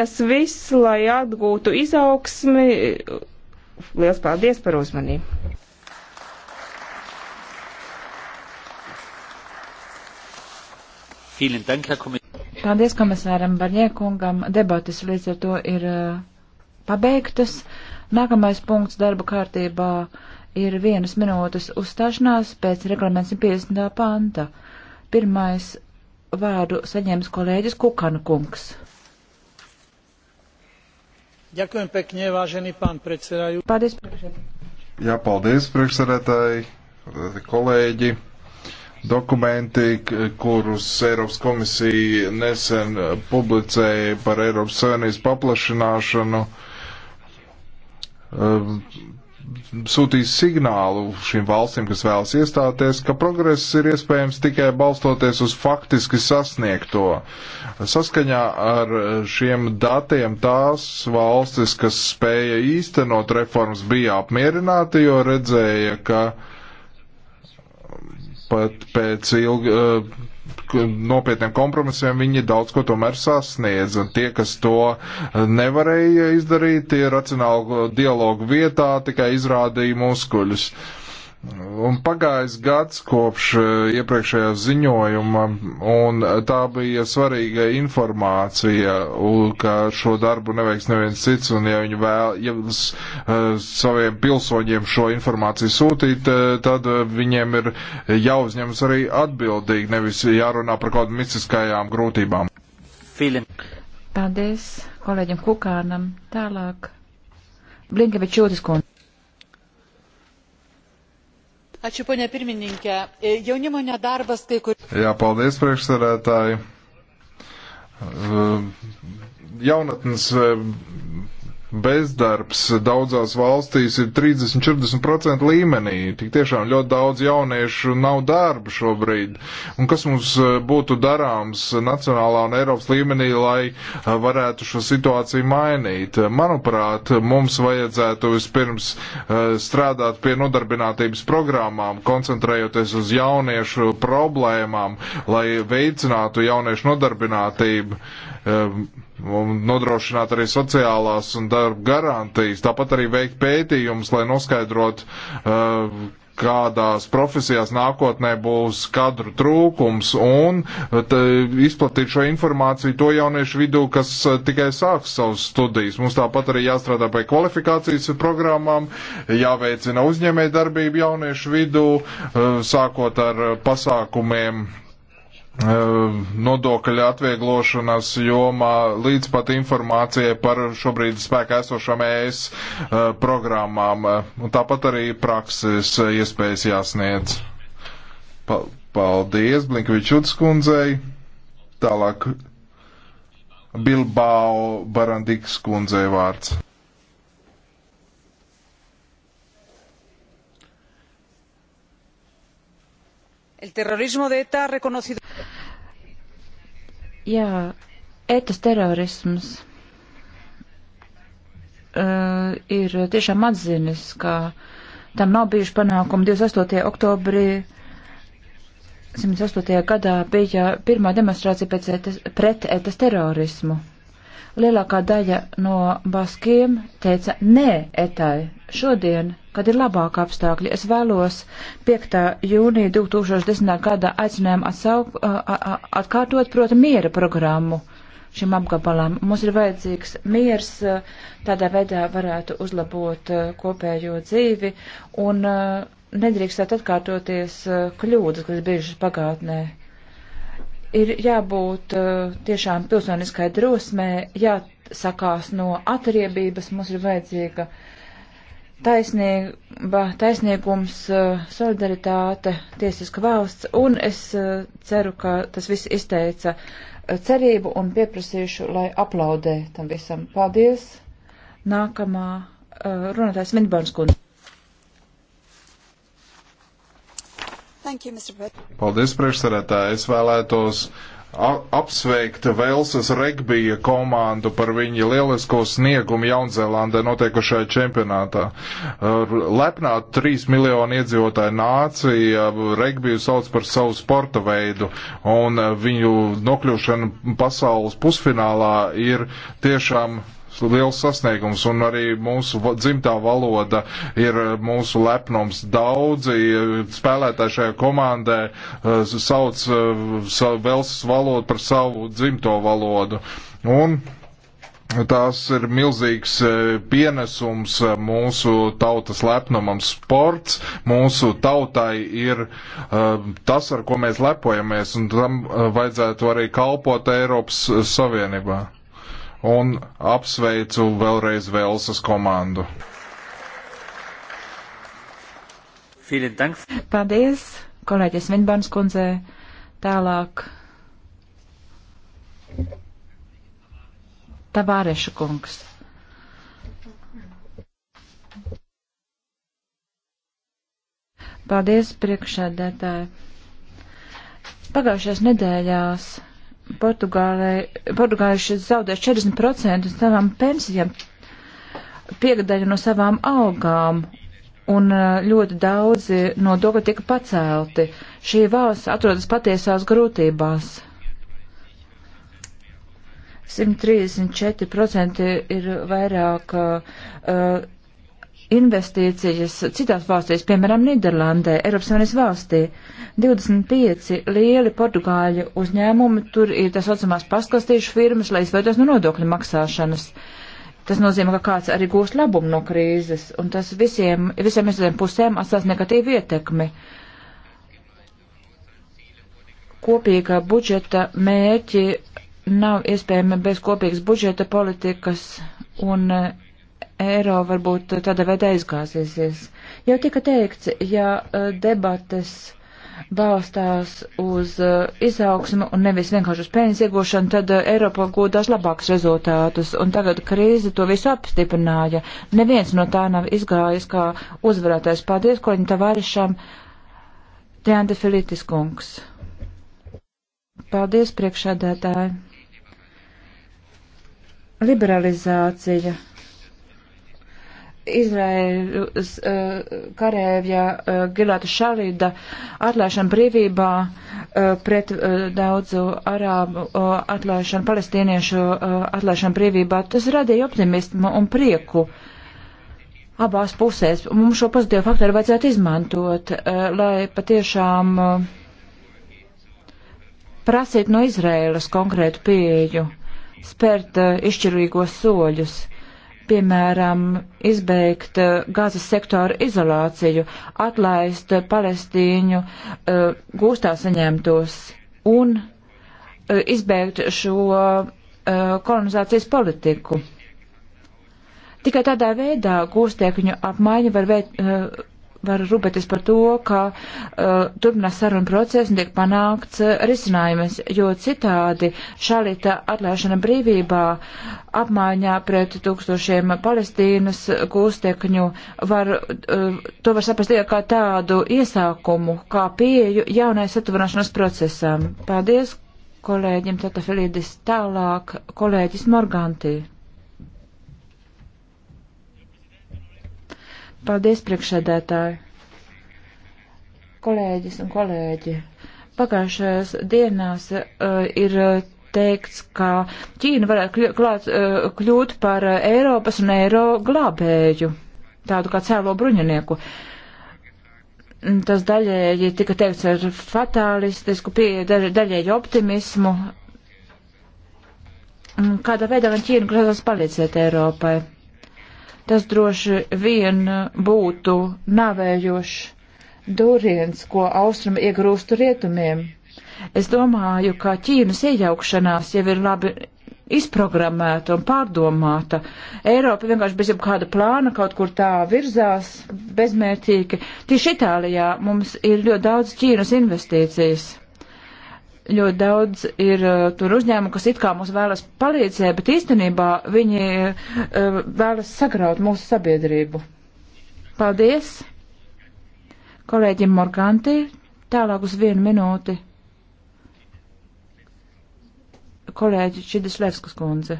Tas viss, lai atgūtu izaugsmi. Lielas paldies par uzmanību! Paldies komisāram Barņēkungam. Debates līdz ar to ir uh, pabeigtas. Nākamais punkts darba kārtībā ir vienas minūtes uzstāšanās pēc reglaments 150. panta. Pirmais vārdu saņems kolēģis Kukana kungs. Ďakujem pekne, vážený pán predsedajúci. Paldies, priekšsēdētāji. Jā, paldies, priekšsēdētāji, kolēģi. Dokumenti, kurus Eiropas komisija nesen publicēja par Eiropas Savienības paplašināšanu, sūtīs signālu šīm valstīm, kas vēlas iestāties, ka progress ir iespējams tikai balstoties uz faktiski sasniegto. Saskaņā ar šiem datiem tās valstis, kas spēja īstenot reformas, bija apmierināti, jo redzēja, ka pat pēc ilga nopietniem kompromisiem viņi daudz ko tomēr sasniedz. Un tie, kas to nevarēja izdarīt, tie racionālu dialogu vietā tikai izrādīja muskuļus. Uh, Un pagājis gads kopš eh, iepriekšējā ziņojuma, un tā bija svarīga informācija, ka šo darbu neveiks neviens cits, un ja viņi vēl ja eh, saviem pilsoņiem šo informāciju sūtīt, eh, tad viņiem ir jāuzņemas arī atbildīgi, nevis jārunā par kaut kādām mistiskajām grūtībām. Filim. Paldies kolēģim Kukānam. Tālāk. Blinkevičūtis kundze. Ačiū, ponė pirmininkė. E, jaunimo nedarbas kai kur. Jā, paldies, priekšsarētāji. E, jaunatnes e, Bezdarbs daudzās valstīs ir 30-40% līmenī. Tik tiešām ļoti daudz jauniešu nav darba šobrīd. Un kas mums eh, būtu darāms nacionālā un Eiropas līmenī, lai eh, varētu šo situāciju mainīt? Manuprāt, mums vajadzētu vispirms eh, strādāt pie nodarbinātības programmām, koncentrējoties uz jauniešu problēmām, lai veicinātu jauniešu nodarbinātību. Um, un nodrošināt arī sociālās un darba garantijas, tāpat arī veikt pētījumus, lai noskaidrot, uh, kādās profesijās nākotnē būs kadru trūkums un uh, izplatīt šo informāciju to jauniešu vidū, kas uh, tikai sāks savus studijas. Mums tāpat arī jāstrādā pie kvalifikācijas programmām, jāveicina uzņēmē darbību jauniešu vidū, sākot ar pasākumiem Ehm, nodokļa atvieglošanas jomā līdz pat informācijai par šobrīd spēkā esošām ES eh, programmām. Un tāpat arī prakses iespējas jāsniedz. Paldies Blinkvičuts kundzei. Tālāk Bilbao Barandikas kundzei vārds. El terrorismo de ETA reconocido. Jā, ETAs terorisms uh, ir tiešām atzinis, ka tam nav bijuši panākumi. 28. oktobrī 108. gadā bija pirmā demonstrācija pēc etas, pret ETAs terorismu. Lielākā daļa no baskiem teica nē ETAI. Šodien kad ir labāka apstākļi. Es vēlos 5. jūnija 2010. gada aicinājumu atsauk, atkārtot, proti, miera programmu šim apgabalam. Mums ir vajadzīgs miers, tādā veidā varētu uzlabot kopējo dzīvi un nedrīkstēt atkārtoties kļūdas, kas bijušas pagātnē. Ir jābūt tiešām pilsoniskai drosmē, jāsakās no atriebības, mums ir vajadzīga uh, taisnība, taisnīgums, eh, solidaritāte, tiesiska valsts, un es eh, ceru, ka tas viss izteica eh, cerību un pieprasīšu, lai aplaudē tam visam. Paldies! Nākamā runātājs Vinbārns Kundze. Paldies, priekšsarētāji. Es vēlētos uh, apsveikt Velsas regbija komandu par viņa lielisko sniegumu Jaunzēlandē notiekušajā čempionātā. Lepnā 3 miljonu iedzīvotāju nācija regbiju sauc par savu sporta veidu, un viņu nokļūšana pasaules pusfinālā ir tiešām liels sasniegums, un arī mūsu dzimtā valoda ir eh, mūsu lepnums. Daudzi eh, spēlētāji šajā komandē eh, sauc Velsas valodu par savu dzimto valodu. Un Tās ir milzīgs pienesums mūsu tautas lepnumam. Sports mūsu tautai ir uh, tas, ar ko mēs lepojamies, un tam vajadzētu arī kalpot Eiropas Savienībā un apsveicu vēlreiz Velsas komandu. Paldies, kolēģis Vinbans kundzē. Tālāk. Tavāreša kungs. Paldies, priekšsēdētāji. Pagājušajās nedēļās Portugālieši zaudē 40% no savām pensijām, piekdaļu no savām algām, un uh, ļoti daudzi no to, ka tika pacelti. Šī valsts atrodas patiesās grūtībās. 134% ir vairāk uh, investīcijas citās valstīs, piemēram, Nīderlandē, Eiropas Savienības valstī. 25 lieli portugāļu uzņēmumi, tur ir tā saucamās paskastīšu firmas, lai izveidos no nodokļu maksāšanas. Tas nozīmē, ka kāds arī gūs labumu no krīzes, un tas visiem, visiem iesaistiem pusēm atstās negatīvu ietekmi. Kopīga budžeta mērķi nav iespējami bez kopīgas budžeta politikas un eiro varbūt tādā veidā izgāzīsies. Jau tika teikts, ja e, debates balstās uz e, izaugsmu un nevis vienkārši uz pēļņas iegūšanu, tad e, Eiropa gūdās labākus rezultātus, un tagad krīze to visu apstiprināja. Neviens no tā nav izgājis kā uzvarētājs. Paldies, koļņi tavarišam, Teanda Filitis kungs. Paldies, priekšādētāji. Liberalizācija Izraēļas uh, eh, karēvja uh, Gilāta Šalīda atlaišana brīvībā uh, pret daudzu arābu atlaišanu, palestīniešu atlaišanu brīvībā, tas radīja optimismu un prieku abās pusēs. Mums šo pozitīvu faktoru vajadzētu izmantot, lai patiešām prasītu no Izraēlas konkrētu pieeju, spērt izšķirīgos soļus piemēram, izbeigt uh, gāzes sektoru izolāciju, atlaist palestīņu uh, gūstā saņemtos un uh, izbeigt šo kolonizācijas politiku. Tikai tādā veidā gūstekņu apmaiņa var veikt var rūpēties par to, ka uh, turpinās saruna process un tiek panākts uh, risinājumus, jo citādi šalita atlaišana brīvībā apmaiņā pret tūkstošiem Palestīnas gūstekņu var, uh, to var saprast tikai kā tādu iesākumu, kā pieju jaunai satuvināšanas procesam. Paldies kolēģim Tatafilidis tālāk, kolēģis Morgantī. Paldies, priekšsēdētāji. Kolēģis un kolēģi. Pagājušajās dienās uh, ir uh, teikts, ka Ķīna varētu klāt, uh, kļūt par uh, Eiropas un Eiro glābēju, tādu kā cēlo bruņinieku. Uh, tas daļēji tika teikts ar fatālistisku pieeju, daļ, daļēji optimismu. Kādā veidā gan Ķīna grasās palīdzēt Eiropai? Tas droši vien būtu navējošs dūriens, ko austrumi iegrūstu rietumiem. Es domāju, ka Ķīnas iejaukšanās jau ir labi izprogrammēta un pārdomāta. Eiropa vienkārši bez jebkāda plāna kaut kur tā virzās bezmērķīgi. Tieši Itālijā mums ir ļoti daudz Ķīnas investīcijas ļoti daudz ir uh, tur uzņēmumu, kas it kā mums vēlas palīdzēt, bet īstenībā viņi uh, vēlas sagraut mūsu sabiedrību. Paldies! Kolēģim Morganti, tālāk uz vienu minūti. Kolēģi Čidislevskas kundze.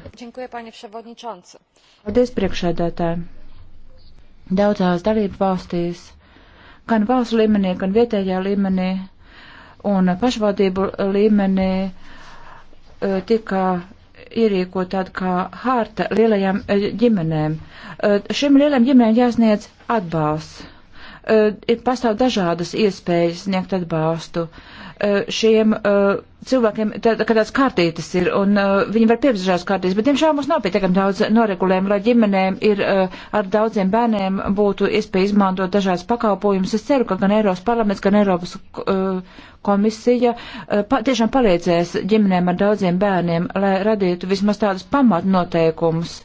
Paldies priekšēdētājiem. Daudzās dalību valstīs, gan valsts līmenī, gan vietējā līmenī un pašvaldību līmenī e, tika ierīkot tādu kā hārta lielajām e, ģimenēm. E, Šim lielajām ģimenēm jāsniedz atbalsts. Eh, ir pastāv dažādas iespējas sniegt atbalstu. Eh, šiem eh, cilvēkiem tā, tā tāds kārtītas ir, un viņi var piepazžās kārtītas, bet, diemžēl, mums nav pietiekami daudz noregulējumu, lai ģimenēm ir ar daudziem bērniem būtu iespēja izmantot dažādas pakalpojumus. Es ceru, ka gan Eiropas parlaments, gan Eiropas komisija pa, tiešām palīdzēs ģimenēm ar daudziem bērniem, lai radītu vismaz tādus pamatnoteikumus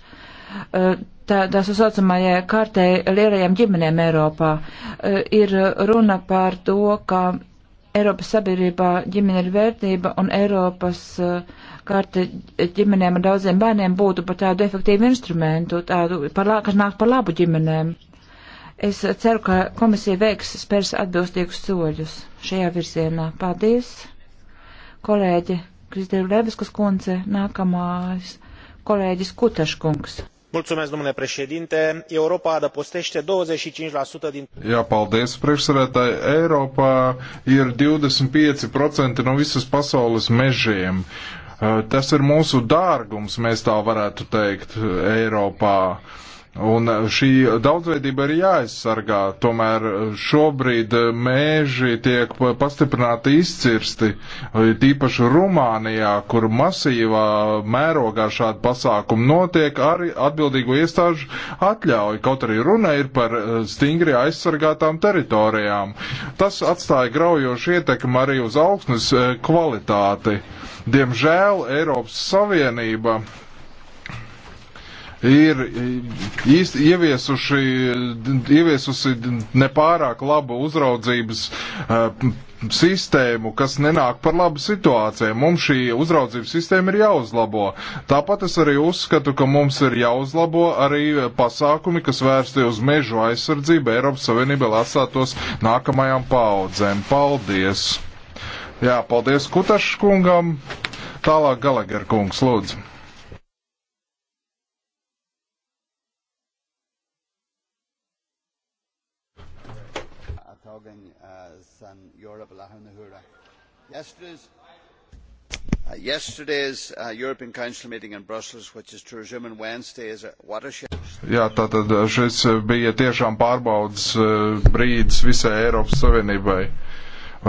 tādā saucamajā kārtē lielajām ģimenēm Eiropā. E, ir runa par to, ka Eiropas sabiedrībā ģimene ir vērtība un Eiropas e, kārta ģimenēm ar daudziem bērniem būtu par tādu efektīvu instrumentu, tādu, par, kas nāk par labu ģimenēm. Es ceru, ka komisija veiks spērs atbilstīgus soļus šajā virzienā. Paldies, kolēģi Kristīna Lebeskas kundze, nākamās kolēģis Kutaškungs europa adăpostește 25% din. Jā, paldies, priekšsarētāji. Eiropā ir 25% no visas pasaules mežiem. Eh, tas ir mūsu dārgums, mēs tā varētu teikt, Eiropā. Uh, Un šī daudzveidība ir jāaizsargā, tomēr šobrīd mēži tiek pastiprināti izcirsti, tīpaši Rumānijā, kur masīvā mērogā šādi pasākumi notiek ar atbildīgo iestāžu atļauju, kaut arī runa ir par eh, stingri aizsargātām teritorijām. Tas atstāja graujošu ietekmi arī uz augsnes eh, kvalitāti. Diemžēl Eiropas Savienība ir e, īst, ieviesuši, ieviesusi nepārāk labu uzraudzības uh, sistēmu, kas nenāk par labu situācijai. Mums šī uzraudzības sistēma ir jāuzlabo. Tāpat es arī uzskatu, ka mums ir jāuzlabo arī pasākumi, kas vērsti uz mežu aizsardzību Eiropas Savienībā, lai atstātos nākamajām paudzēm. Paldies! Jā, paldies Kutašs kungam. Tālāk Galager kungs, lūdzu. Uh, yesterday's uh, European Council meeting in Brussels, which is to resume on Wednesday, is a watershed. Jā, tātad uh, šis uh, bija tiešām pārbaudas brīdis visai Eiropas Savienībai.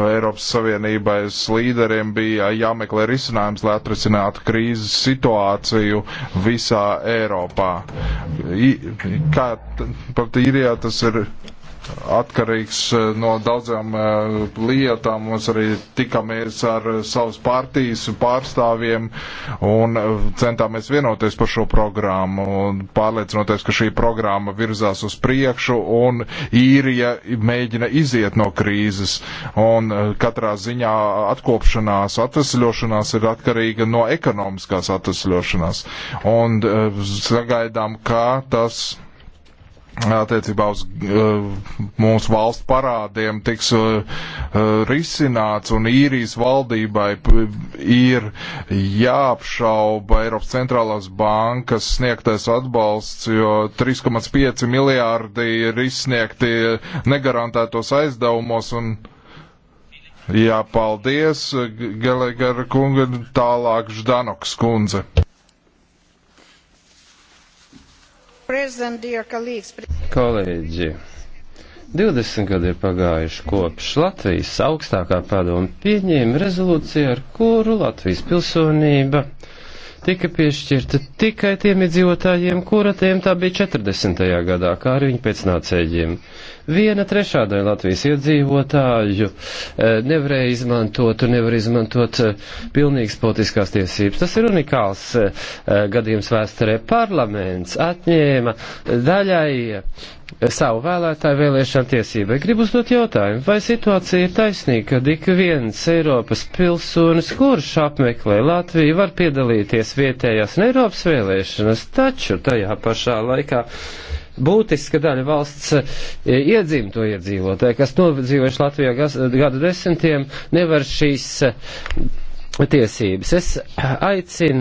Eiropas Savienības līderiem bija jāmeklē risinājums, lai atrisinātu krīzes situāciju visā Eiropā. I, kā pat īrijā tas ir atkarīgs eh, no daudzām eh, lietām. Mums arī tikamies ar eh, savas partijas pārstāvjiem un centāmies vienoties par šo programmu un pārliecinoties, ka šī programma virzās uz priekšu un īrija mēģina iziet no krīzes. Un katrā ziņā atkopšanās, atvesļošanās ir atkarīga no ekonomiskās atvesļošanās. Un sagaidām, kā tas attiecībā uz uh, mūsu valsts parādiem tiks uh, risināts un īrijas valdībai ir jāapšauba Eiropas centrālās bankas sniegtais atbalsts, jo 3,5 miljārdi ir izsniegti negarantētos aizdevumos un jāpaldies Gelegara kunga tālāk Ždanoks kundze. Kolēģi, 20 gadi ir pagājuši kopš Latvijas augstākā padoma pieņēma rezolūciju, ar kuru Latvijas pilsonība tika piešķirta tikai tiem iedzīvotājiem, kura tiem tā bija 40. gadā, kā arī viņa pēcnācējiem. Viena trešā daļa Latvijas iedzīvotāju eh, nevarēja izmantot un nevar izmantot eh, pilnīgas politiskās tiesības. Tas ir unikāls eh, gadījums vēsturē. Parlaments atņēma daļai savu vēlētāju vēlēšanu tiesībai. Gribu uzdot jautājumu, vai situācija ir taisnīga, ka tik viens Eiropas pilsonis, kurš apmeklē Latviju, var piedalīties vietējās un Eiropas vēlēšanas, taču tajā pašā laikā būtiska daļa valsts e, iedzimto iedzīvotāju, kas nodzīvojuši Latvijā gadu desmitiem, nevar šīs e, tiesības. Es aicinu